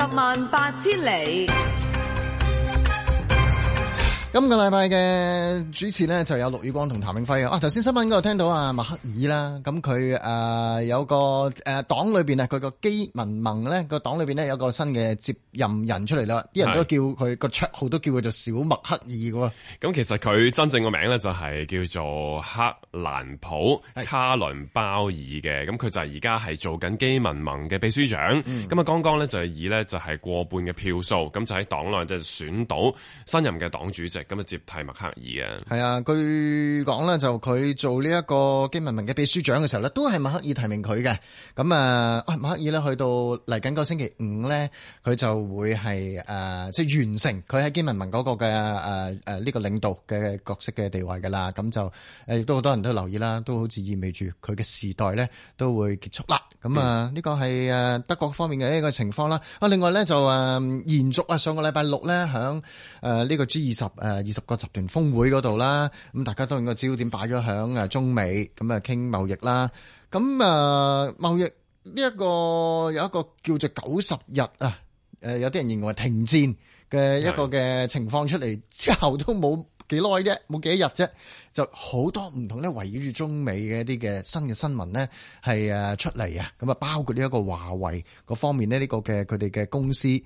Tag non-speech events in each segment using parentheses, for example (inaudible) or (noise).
十萬八千里。今個禮拜嘅主持咧，就有陸宇光同譚永輝啊。啊，頭先新聞嗰度聽到啊，默克爾啦，咁佢誒有個誒黨、呃、裏邊咧，佢個基民盟咧個黨裏邊咧有個新嘅接任人出嚟啦，啲人都叫佢、個綽號，都叫佢做小默克爾嘅。咁、嗯、其實佢真正個名咧就係叫做克蘭普卡倫鮑爾嘅。咁佢就係而家係做緊基民盟嘅秘書長。咁、嗯、啊，剛剛咧就以咧就係過半嘅票數，咁就喺黨內就係選到新任嘅黨主席。咁啊，接替默克爾啊，係啊，據講咧就佢做呢一個基民盟嘅秘書長嘅時候咧，都係默克爾提名佢嘅。咁啊，麥、啊、默克爾咧去到嚟緊個星期五咧，佢就會係誒即係完成佢喺基民盟嗰個嘅誒誒呢個領導嘅角色嘅地位噶啦。咁就誒亦、啊、都好多人都留意啦，都好似意味住佢嘅時代咧都會結束啦。咁啊，呢個係誒德國方面嘅一個情況啦。啊，另外咧就誒、啊、延續啊，上個禮拜六咧響誒呢、啊這個 G 二十。誒，二十個集團峰會嗰度啦，咁大家都用個焦點擺咗響誒中美咁啊，傾貿易啦。咁誒貿易呢一個有一個叫做九十日啊，誒有啲人認為停戰嘅一個嘅情況出嚟，之後都冇幾耐啫，冇幾多日啫，就好多唔同咧圍繞住中美嘅一啲嘅新嘅新聞咧係誒出嚟啊。咁啊，包括呢一個華為嗰方面咧呢個嘅佢哋嘅公司誒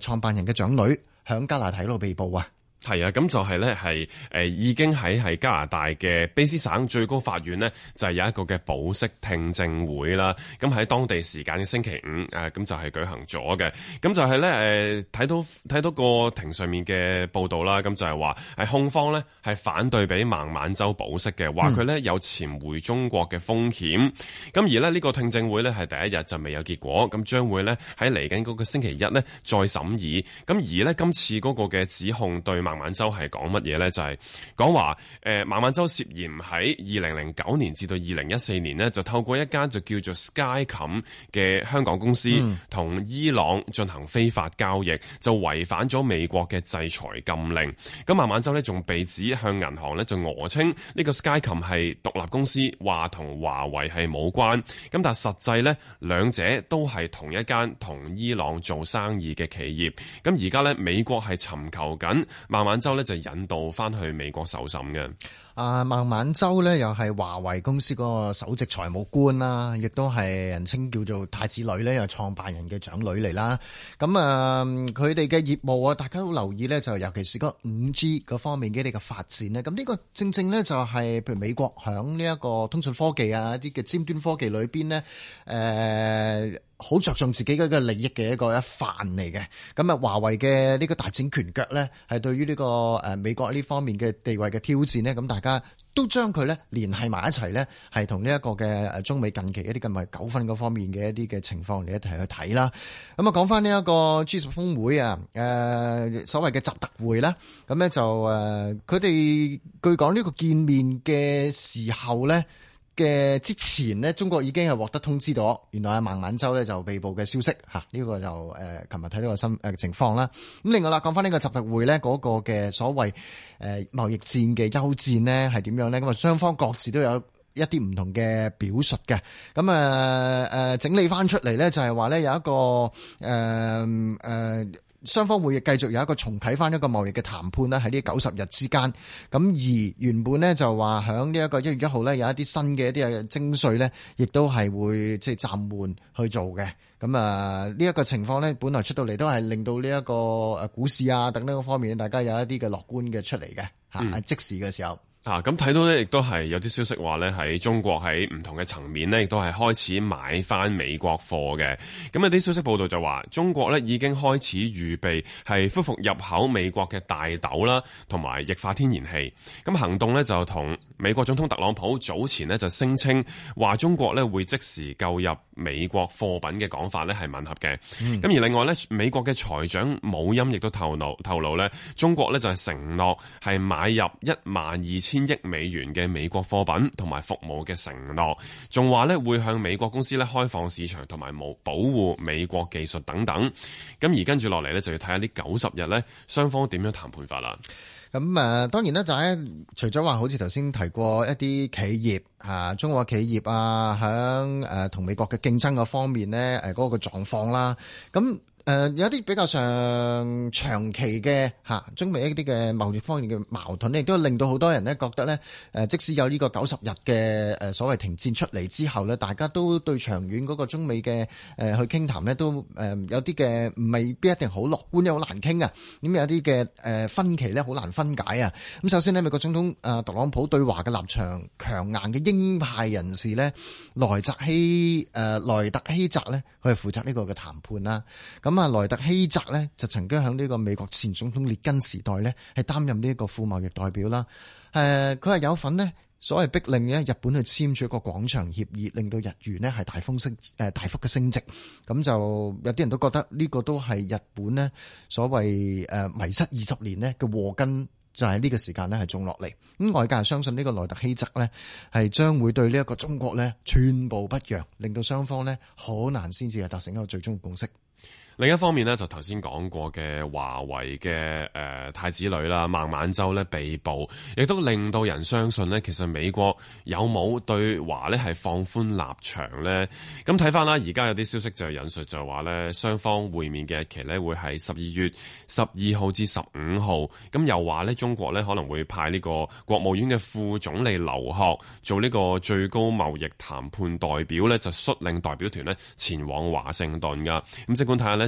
創辦人嘅長女響加拿大嗰度被捕啊。係啊，咁就係咧，係誒已經喺係加拿大嘅卑斯省最高法院咧，就係、是、有一個嘅保釋聽證會啦。咁喺當地時間嘅星期五，誒咁就係舉行咗嘅。咁就係咧誒睇到睇到個庭上面嘅報道啦，咁就係話係控方咧係反對俾孟晚舟保釋嘅，話，佢咧有潛回中國嘅風險，咁而咧呢、這個聽證會咧係第一日就未有結果，咁將會咧喺嚟緊嗰個星期一咧再審議，咁而咧今次嗰個嘅指控對。孟晚舟係講乜嘢呢？就係講話，誒、呃，孟晚舟涉嫌喺二零零九年至到二零一四年呢，就透過一間就叫做 Skycom 嘅香港公司，同伊朗進行非法交易，就違反咗美國嘅制裁禁令。咁孟晚舟呢，仲被指向銀行呢，就訛稱呢個 Skycom 係獨立公司，話同華為係冇關。咁但實際呢兩者都係同一間同伊朗做生意嘅企業。咁而家呢，美國係尋求緊。孟晚舟咧就引渡翻去美國受審嘅。啊，孟晚舟咧又係華為公司嗰個首席財務官啦，亦都係人稱叫做太子女咧，又創辦人嘅長女嚟啦。咁啊，佢哋嘅業務啊，大家都留意咧，就尤其是嗰五 G 嗰方面嘅啲嘅發展咧。咁呢個正正咧就係，譬如美國響呢一個通訊科技啊，一啲嘅尖端科技裏邊咧，誒、呃。好着重自己嘅一個利益嘅一個一範嚟嘅。咁啊，華為嘅呢個大展拳腳咧，係對於呢個誒美國呢方面嘅地位嘅挑戰咧，咁大家都將佢咧聯繫埋一齊咧，係同呢一個嘅誒中美近期一啲咁嘅糾紛嗰方面嘅一啲嘅情況嚟一齊去睇啦。咁啊，講翻呢一個 G 十峰會啊，誒，所謂嘅習特會啦，咁咧就誒，佢哋據講呢個見面嘅時候咧。嘅之前呢，中國已經係獲得通知咗，原來阿孟晚舟咧就被捕嘅消息嚇，呢、啊這個就誒，琴日睇到個新情況啦。咁、啊、另外啦，講翻呢個習特會咧，嗰、那個嘅所謂、呃、貿易戰嘅休戰呢係點樣咧？咁啊，雙方各自都有一啲唔同嘅表述嘅。咁啊、呃、整理翻出嚟咧，就係話咧有一個誒、呃呃雙方會繼續有一個重啟翻一個貿易嘅談判咧，喺呢九十日之間。咁而原本呢，就話響呢一個一月一號呢，有一啲新嘅一啲嘅徵稅呢，亦都係會即係暫緩去做嘅。咁啊呢一個情況呢，本來出到嚟都係令到呢一個誒股市啊等等方面，大家有一啲嘅樂觀嘅出嚟嘅吓即時嘅時候。咁、啊、睇到呢，亦都係有啲消息話呢，喺中國喺唔同嘅層面呢，亦都係開始買翻美國貨嘅。咁有啲消息報道就話，中國呢已經開始預備係恢復入口美國嘅大豆啦，同埋液化天然氣。咁行動呢就同美國總統特朗普早前咧就聲稱話中國咧會即時購入美國貨品嘅講法咧係吻合嘅，咁而另外咧美國嘅財長姆欽亦都透露透露咧中國咧就係承諾係買入一萬二千億美元嘅美國貨品同埋服務嘅承諾，仲話咧會向美國公司咧開放市場同埋冇保護美國技術等等，咁而跟住落嚟咧就要睇下呢九十日咧雙方點樣談判法啦。咁啊，當然咧就係除咗話好似頭先提過一啲企業嚇，中國企業啊，響誒同美國嘅競爭嘅方面咧，誒嗰個狀況啦，咁。誒有啲比較上長期嘅嚇中美一啲嘅貿易方面嘅矛盾咧，亦都令到好多人咧覺得咧，誒即使有呢個九十日嘅誒所謂停戰出嚟之後咧，大家都對長遠嗰個中美嘅誒去傾談咧都誒有啲嘅未必一定好樂觀，又好難傾啊！咁有啲嘅誒分歧呢，好難分解啊！咁首先呢，美國總統啊特朗普對華嘅立場強硬嘅鷹派人士呢，萊澤希誒、呃、萊特希澤咧，佢係負責呢個嘅談判啦，咁。啊，萊特希澤呢，就曾經喺呢個美國前總統列根時代呢，係擔任呢一個副貿易代表啦。誒，佢係有份呢所謂逼令呢日本去簽署一個廣場協議，令到日元呢係大幅升升誒，大幅嘅升值。咁就有啲人都覺得呢個都係日本呢所謂誒迷失二十年呢嘅禍根，就喺、是、呢個時間呢係種落嚟咁。外界係相信呢個萊特希澤呢，係將會對呢一個中國呢寸步不讓，令到雙方呢好難先至係達成一個最終嘅共識。另一方面呢，就頭先講過嘅華為嘅誒、呃、太子女啦，孟晚舟咧被捕，亦都令到人相信咧，其實美國有冇對華咧係放寬立場咧？咁睇翻啦，而家有啲消息就係引述就係話咧，雙方會面嘅日期咧會喺十二月十二號至十五號，咁又話咧中國咧可能會派呢個國務院嘅副總理劉鶴做呢個最高貿易談判代表咧，就率領代表團咧前往華盛頓噶。咁即管睇下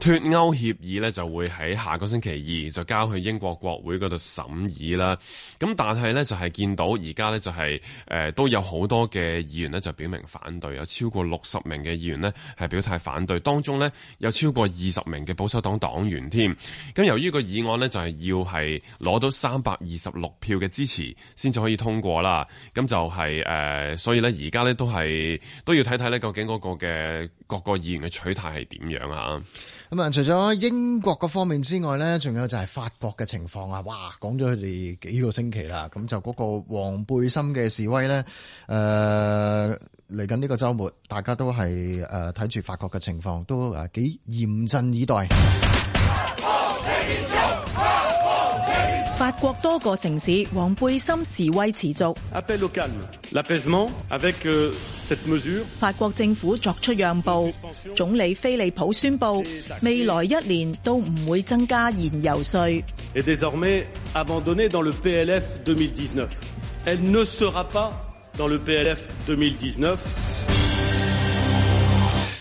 脫歐協議咧就會喺下個星期二就交去英國國會嗰度審議啦。咁但係咧就係見到而家咧就係、是、誒、呃、都有好多嘅議員咧就表明反對，有超過六十名嘅議員呢，係表態反對，當中呢，有超過二十名嘅保守黨黨員添。咁由於個議案呢，就係要係攞到三百二十六票嘅支持先至可以通過啦。咁就係、是、誒、呃、所以咧而家咧都係都要睇睇咧究竟嗰個嘅各個議員嘅取態係點樣啊？咁啊，除咗英國嗰方面之外咧，仲有就係法國嘅情況啊！哇，講咗佢哋幾個星期啦，咁就嗰個黃背心嘅示威咧，誒嚟緊呢個週末，大家都係誒睇住法國嘅情況，都誒幾嚴陣以待。法國多個城市黃背心示威持續。法國政府作出讓步，總理菲利普宣布未來一年都唔會增加燃油稅。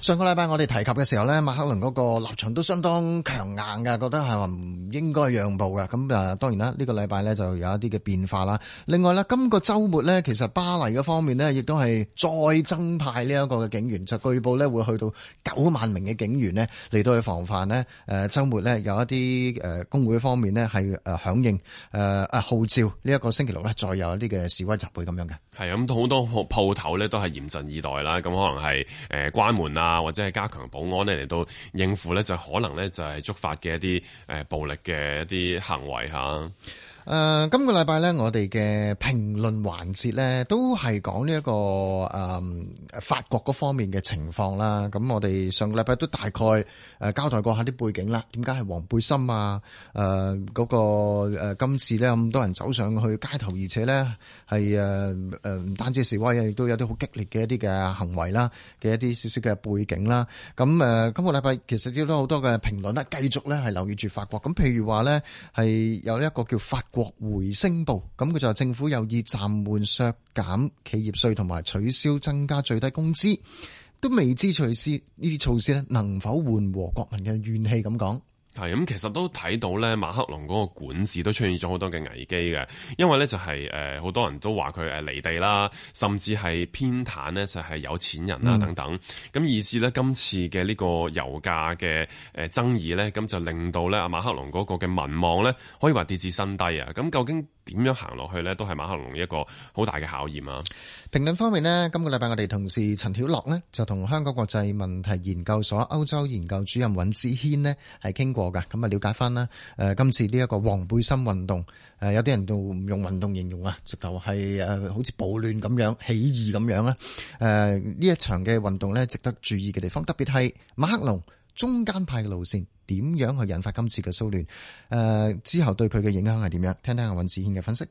上個禮拜我哋提及嘅時候咧，馬克龍嗰個立場都相當強硬嘅，覺得係話唔應該讓步嘅。咁啊，當然啦，呢個禮拜咧就有一啲嘅變化啦。另外咧，今個週末咧，其實巴黎嘅方面呢亦都係再增派呢一個嘅警員，就據報咧會去到九萬名嘅警員呢嚟到去防範呢誒，週末呢有一啲工會方面呢係響應誒啊、呃、號召呢一個星期六咧再有一啲嘅示威集會咁樣嘅。係咁，好多鋪頭咧都係嚴陣以待啦。咁可能係誒關門啊，或者係加強保安咧嚟到應付咧，就可能咧就係觸發嘅一啲誒暴力嘅一啲行為嚇。誒，今個禮拜咧，我哋嘅評論環節咧，都係講呢一個誒法國嗰方面嘅情況啦。咁我哋上個禮拜都大概誒交待代過下啲背景啦。點解係黃背心啊？誒，嗰個誒今次咧咁多人走上去街頭，而且咧係誒誒唔單止示威，亦都有啲好激烈嘅一啲嘅行為啦，嘅一啲少少嘅背景啦。咁誒，今個禮拜其實都有好多嘅評論啦，繼續咧係留意住法國。咁譬如話咧，係有一個叫法。獲回聲報，咁佢就話政府有意暫緩削減企業稅同埋取消增加最低工資，都未知隨時呢啲措施能否緩和國民嘅怨氣咁講。係咁，其實都睇到咧，馬克龍嗰個管治都出現咗好多嘅危機嘅，因為咧就係好多人都話佢離地啦，甚至係偏袒呢就係有錢人啦等等，咁以至咧今次嘅呢個油價嘅誒爭議咧，咁就令到咧馬克龍嗰個嘅民望咧可以話跌至新低啊！咁究竟，點樣行落去呢？都係馬克龍一個好大嘅考驗啊！評論方面呢，今個禮拜我哋同事陳曉樂呢，就同香港國際問題研究所歐洲研究主任尹子軒呢，係傾過噶，咁啊了解翻啦。誒，今次呢一個黃背心運動，誒，有啲人都唔用運動形容啊，直頭係誒好似暴亂咁樣、起義咁樣啦。誒，呢一場嘅運動呢，值得注意嘅地方，特別係馬克龍中間派嘅路綫。點樣去引發今次嘅騷亂？誒、呃，之後對佢嘅影響係點樣？聽聽阿尹子軒嘅分析。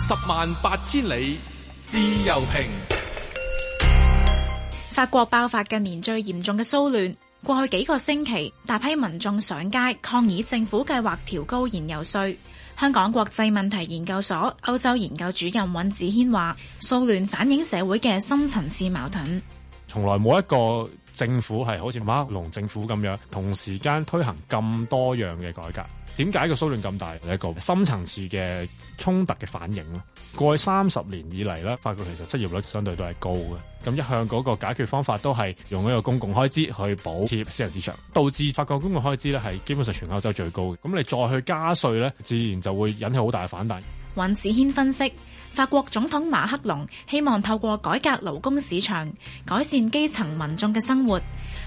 十萬八千里，自由評。法國爆發近年最嚴重嘅騷亂。過去幾個星期，大批民眾上街抗議政府計劃調高燃油稅。香港國際問題研究所歐洲研究主任尹子軒話，騷亂反映社會嘅深層次矛盾。從來冇一個。政府係好似馬克龍政府咁樣，同時間推行咁多樣嘅改革，點解個騷亂咁大？係一個深層次嘅衝突嘅反應咯。過去三十年以嚟咧，法國其實失業率相對都係高嘅，咁一向嗰個解決方法都係用一個公共開支去補貼私人市場，導致法國公共開支咧係基本上全歐洲最高嘅。咁你再去加稅咧，自然就會引起好大嘅反彈。尹子軒分析。法國總統馬克龍希望透過改革勞工市場改善基層民眾嘅生活，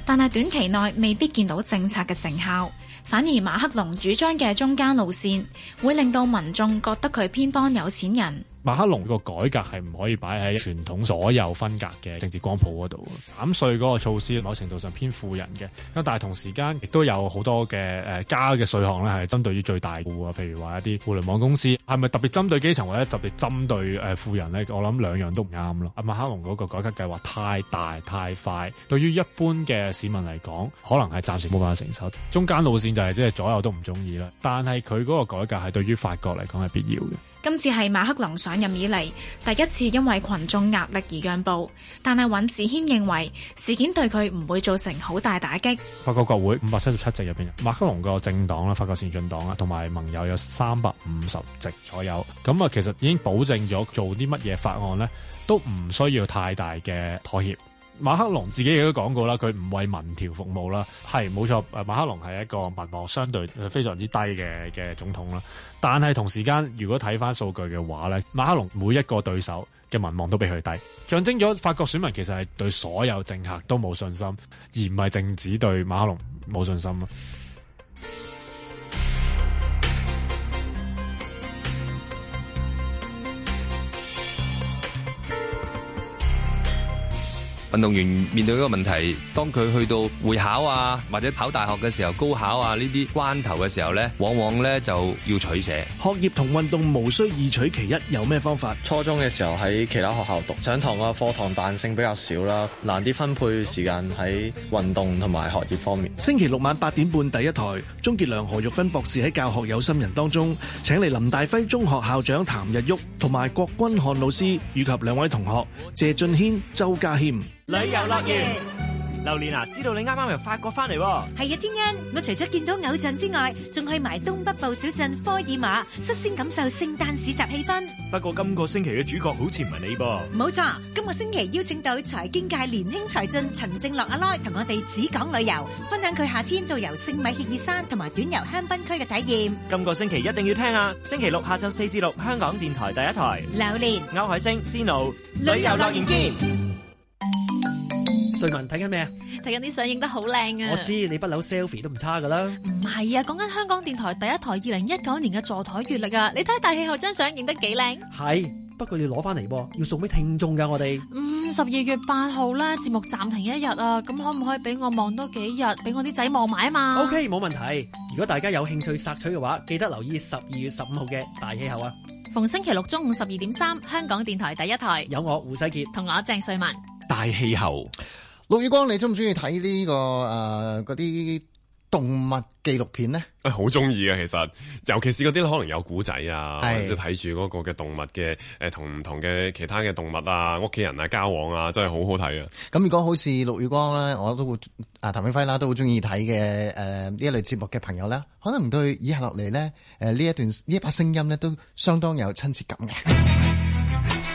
但係短期內未必見到政策嘅成效，反而馬克龍主張嘅中間路線會令到民眾覺得佢偏幫有錢人。馬克龍個改革係唔可以擺喺傳統所有分隔嘅政治光譜嗰度。減稅嗰個措施某程度上偏富人嘅，咁但係同時間亦都有好多嘅誒、呃、加嘅稅項咧，係針對於最大戶啊，譬如話一啲互聯網公司，係咪特別針對基層或者特別針對誒、呃、富人咧？我諗兩樣都唔啱咯。阿馬克龍嗰個改革計劃太大太快，對於一般嘅市民嚟講，可能係暫時冇辦法承受。中間路線就係即係左右都唔中意啦。但係佢嗰個改革係對於法國嚟講係必要嘅。今次係馬克龍上任以嚟第一次因為群眾壓力而讓步，但係尹子軒認為事件對佢唔會造成好大打擊。法國國會五百七十七席入邊，馬克龍個政黨啦，法國前進黨啊，同埋盟友有三百五十席左右，咁啊，其實已經保證咗做啲乜嘢法案咧，都唔需要太大嘅妥協。馬克龍自己亦都講過啦，佢唔為民調服務啦，係冇錯。誒，馬克龍係一個民望相對非常之低嘅嘅總統啦，但係同時間如果睇返數據嘅話咧，馬克龍每一個對手嘅民望都比佢低，象徵咗法國選民其實係對所有政客都冇信心，而唔係淨止對馬克龍冇信心。運動員面對呢個問題，當佢去到會考啊，或者考大學嘅時候，高考啊呢啲關頭嘅時候呢，往往呢就要取捨。學業同運動無需二取其一，有咩方法？初中嘅時候喺其他學校讀，上堂啊，課堂彈性比較少啦，難啲分配時間喺運動同埋學業方面。星期六晚八點半第一台，鍾杰良、何玉芬博士喺教學有心人當中，請嚟林大輝中學校長譚日旭同埋郭君漢老師，以及兩位同學謝俊軒、周家謙。旅遊樂園，榴蓮啊！知道你啱啱由法國翻嚟，係啊，天恩！我除咗見到偶像之外，仲去埋東北部小鎮科爾瑪，率先感受聖誕市集氣氛。不過今個星期嘅主角好似唔係你噃，冇錯，今個星期邀請到財經界年輕才俊陳正樂阿 Lo，同我哋只講旅遊，分享佢夏天導遊聖米歇爾山同埋短遊香檳區嘅體驗。今個星期一定要聽啊！星期六下晝四至六，香港電台第一台，榴蓮、歐海星、Snow 旅遊樂園見。瑞文睇緊咩啊？睇緊啲相影得好靚啊！我知你不嬲 selfie 都唔差噶啦。唔係啊，講緊香港電台第一台二零一九年嘅座台月曆啊！你睇大氣候張相影得幾靚？係，不過你要攞翻嚟，要送俾聽眾噶我哋。嗯，十二月八號啦，節目暫停一日啊，咁可唔可以俾我望多幾日？俾我啲仔望埋啊嘛。O K，冇問題。如果大家有興趣索取嘅話，記得留意十二月十五號嘅大氣候啊。逢星期六中午十二點三，香港電台第一台，有我胡世杰同我鄭瑞文大氣候。陸宇光，你中唔中意睇呢個誒嗰啲動物紀錄片咧？誒、欸，好中意啊其實，尤其是嗰啲可能有古仔啊，或者睇住嗰個嘅動物嘅誒，呃、同唔同嘅其他嘅動物啊，屋企人啊交往啊，真係好好睇啊！咁如果好似陸宇光咧，我都會啊譚永輝啦，都好中意睇嘅誒呢一類節目嘅朋友咧，可能對以下落嚟咧誒呢、呃、一段呢一把聲音咧都相當有親切感嘅。 (music)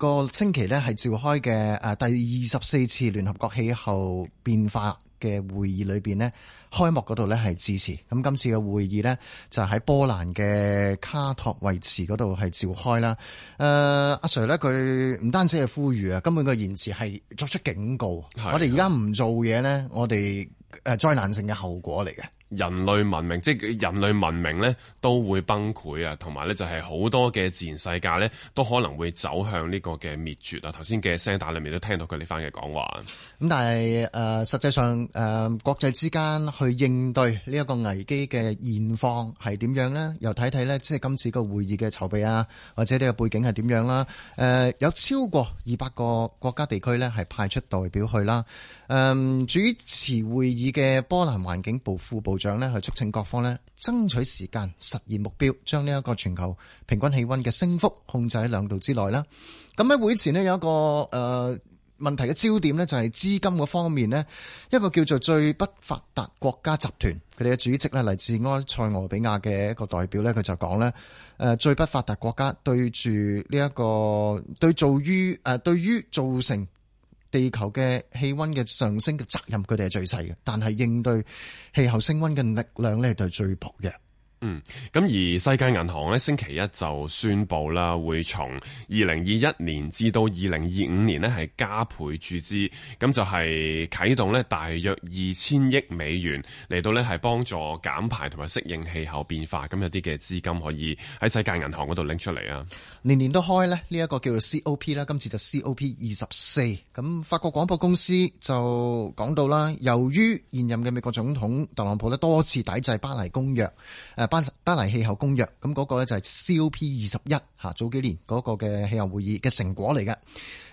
個星期咧係召開嘅誒第二十四次聯合國氣候變化嘅會議裏邊呢，開幕嗰度咧係支持。咁今次嘅會議在的、呃 Sir、呢，就喺波蘭嘅卡托維茨嗰度係召開啦。誒，阿 Sir 咧佢唔單止係呼籲啊，根本個言辭係作出警告。我哋而家唔做嘢呢，我哋誒災難性嘅後果嚟嘅。人類文明即係人類文明呢都會崩潰啊！同埋呢就係好多嘅自然世界呢都可能會走向呢個嘅滅絕啊！頭先嘅聲帶裏面都聽到佢呢番嘅講話。咁但係誒、呃，實際上誒、呃，國際之間去應對呢一個危機嘅現況係點樣呢？又睇睇呢，即係今次個會議嘅籌備啊，或者呢個背景係點樣啦？誒、呃，有超過二百個國家地區呢係派出代表去啦。誒、呃，主持會議嘅波蘭環境部副部長呢，去促請各方呢，爭取時間實現目標，將呢一個全球平均氣溫嘅升幅控制喺兩度之內啦。咁喺會前呢，有一個誒問題嘅焦點呢，就係、是、資金嗰方面，呢一個叫做最不發達國家集團，佢哋嘅主席呢，嚟自埃塞俄比亞嘅一個代表呢，佢就講呢誒最不發達國家對住呢一個對於誒對於造成。地球嘅氣溫嘅上升嘅責任，佢哋係最細嘅，但係應對氣候升溫嘅力量咧，就係最薄弱。嗯，咁而世界銀行咧，星期一就宣布啦，會從二零二一年至到二零二五年呢係加倍注資，咁就係啟動呢大約二千億美元嚟到呢係幫助減排同埋適應氣候變化，咁有啲嘅資金可以喺世界銀行嗰度拎出嚟啊。年年都開呢呢一個叫做 COP 啦，今次就 COP 二十四。咁法國廣播公司就講到啦，由於現任嘅美國總統特朗普呢多次抵制巴黎公約，誒。巴黎氣候公約，咁嗰個咧就係 COP 二十一嚇，早幾年嗰個嘅氣候會議嘅成果嚟嘅，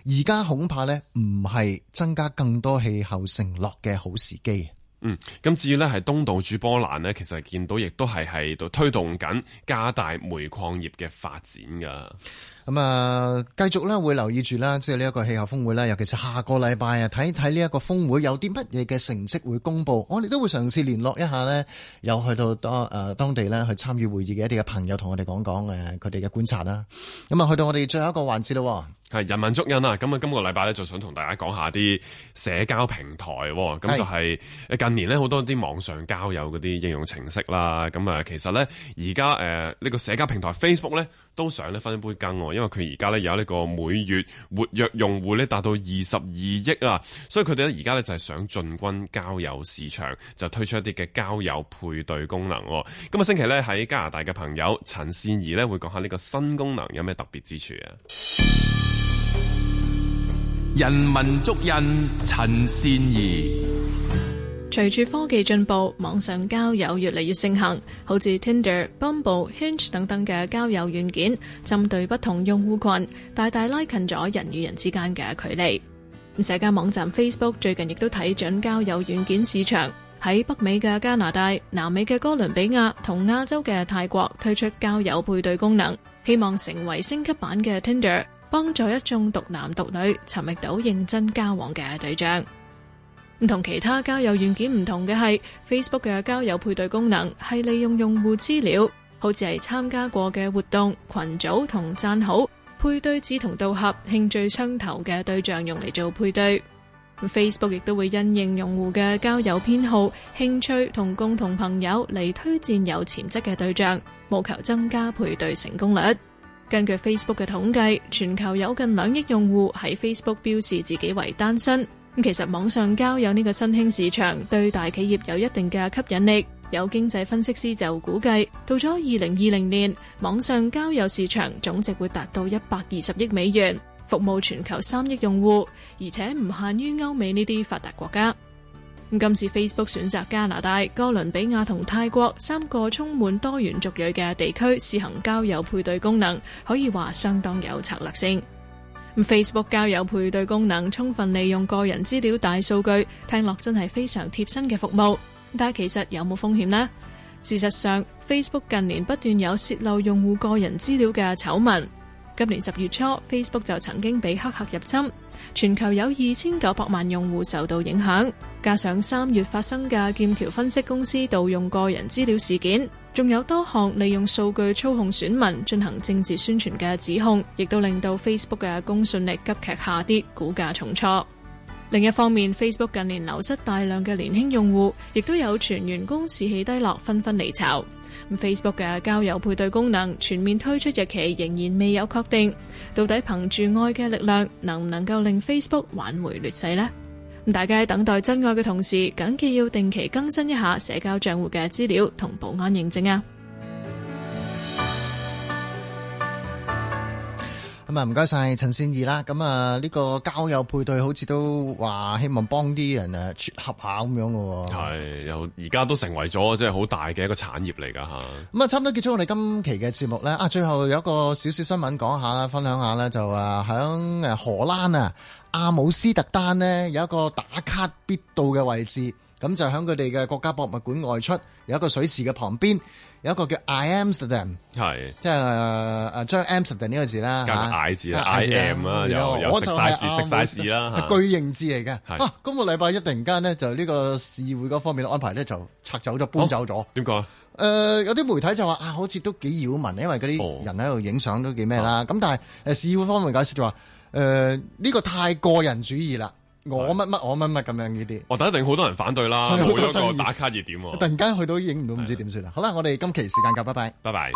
而家恐怕咧唔係增加更多氣候承諾嘅好時機。嗯，咁至於咧係東道主波蘭咧，其實見到亦都係喺度推動緊加大煤礦業嘅發展噶。咁啊，繼續咧會留意住啦，即係呢一個氣候峰會啦。尤其是下個禮拜啊，睇睇呢一個峰會有啲乜嘢嘅成績會公布。我哋都會嘗試聯絡一下咧，有去到當誒當地咧去參與會議嘅一啲嘅朋友，同我哋講講誒佢哋嘅觀察啦。咁啊，去到我哋最後一個環節咯，係人文足印啊！咁啊，今個禮拜咧就想同大家講下啲社交平台喎。咁就係近年咧好多啲網上交友嗰啲應用程式啦。咁啊，其實咧而家誒呢個社交平台 Facebook 咧都想分一杯羹。因為佢而家咧有呢個每月活躍用戶咧達到二十二億啊，所以佢哋咧而家咧就係想進軍交友市場，就推出一啲嘅交友配對功能。今個星期咧喺加拿大嘅朋友陳善宜咧會講下呢個新功能有咩特別之處啊？人文足印陳善宜。隨住科技進步，網上交友越嚟越盛行，好似 Tinder、Bumble、Hinge 等等嘅交友軟件，針對不同用戶群，大大拉近咗人與人之間嘅距離。社交網站 Facebook 最近亦都睇準交友軟件市場，喺北美嘅加拿大、南美嘅哥倫比亞同亞洲嘅泰國推出交友配對功能，希望成為升級版嘅 Tinder，幫助一眾獨男獨女尋覓到認真交往嘅對象。唔同其他交友軟件唔同嘅係 Facebook 嘅交友配對功能，係利用用戶資料，好似係參加過嘅活動、群組同讚好，配對志同道合、興趣相投嘅對象用嚟做配對。Facebook 亦都會因應用戶嘅交友偏好、興趣同共同朋友嚟推薦有潛質嘅對象，務求增加配對成功率。根據 Facebook 嘅統計，全球有近兩億用戶喺 Facebook 表示自己為單身。其實網上交友呢個新興市場對大企業有一定嘅吸引力，有經濟分析師就估計，到咗二零二零年，網上交友市場總值會達到一百二十億美元，服務全球三億用戶，而且唔限於歐美呢啲發達國家。咁今次 Facebook 選擇加拿大、哥倫比亞同泰國三個充滿多元族裔嘅地區試行交友配對功能，可以話相當有策略性。事實上，Facebook 近年不斷有泄露用戶個人資料嘅醜聞。今年十月初仲有多項利用數據操控選民進行政治宣傳嘅指控，亦都令到 Facebook 嘅公信力急劇下跌，股價重挫。另一方面，Facebook 近年流失大量嘅年輕用戶，亦都有全員工士氣低落，紛紛離巢。Facebook 嘅交友配對功能全面推出日期仍然未有確定，到底憑住愛嘅力量能唔能夠令 Facebook 挽回劣勢呢？大家喺等待真愛嘅同時，緊記要定期更新一下社交賬戶嘅資料同保安認證啊。咁、嗯、啊，唔該晒陳善宜啦。咁啊，呢個交友配對好似都話希望幫啲人啊撮合下咁樣喎。係，又而家都成為咗即係好大嘅一個產業嚟噶吓。咁啊，嗯、差唔多結束我哋今期嘅節目咧。啊，最後有一個少少新聞講下啦，分享下呢，就啊，響誒荷蘭啊，阿姆斯特丹呢，有一個打卡必到嘅位置，咁就響佢哋嘅國家博物館外出，有一個水池嘅旁邊。有一個叫 I Amsterdam，係即係誒，將 Amsterdam 呢個字啦吓，I 字、啊、M 啦，有又 size 啦，就是、巨型字嚟嘅。吓、啊，今個禮拜一突然間咧，就呢個市會嗰方面嘅安排咧，就拆走咗，搬走咗。點、哦、解？誒、呃，有啲媒體就話啊，好似都幾擾民，因為嗰啲人喺度影相都幾咩啦。咁、哦、但係誒，市會方面解釋就話，誒、呃，呢、這個太個人主義啦。我乜乜我乜乜咁樣呢啲，我等一定好多人反對啦，好多打卡熱點喎、啊，突然間去到影唔到不、啊，唔知點算啦。好啦，我哋今期時間夾，拜拜，拜拜。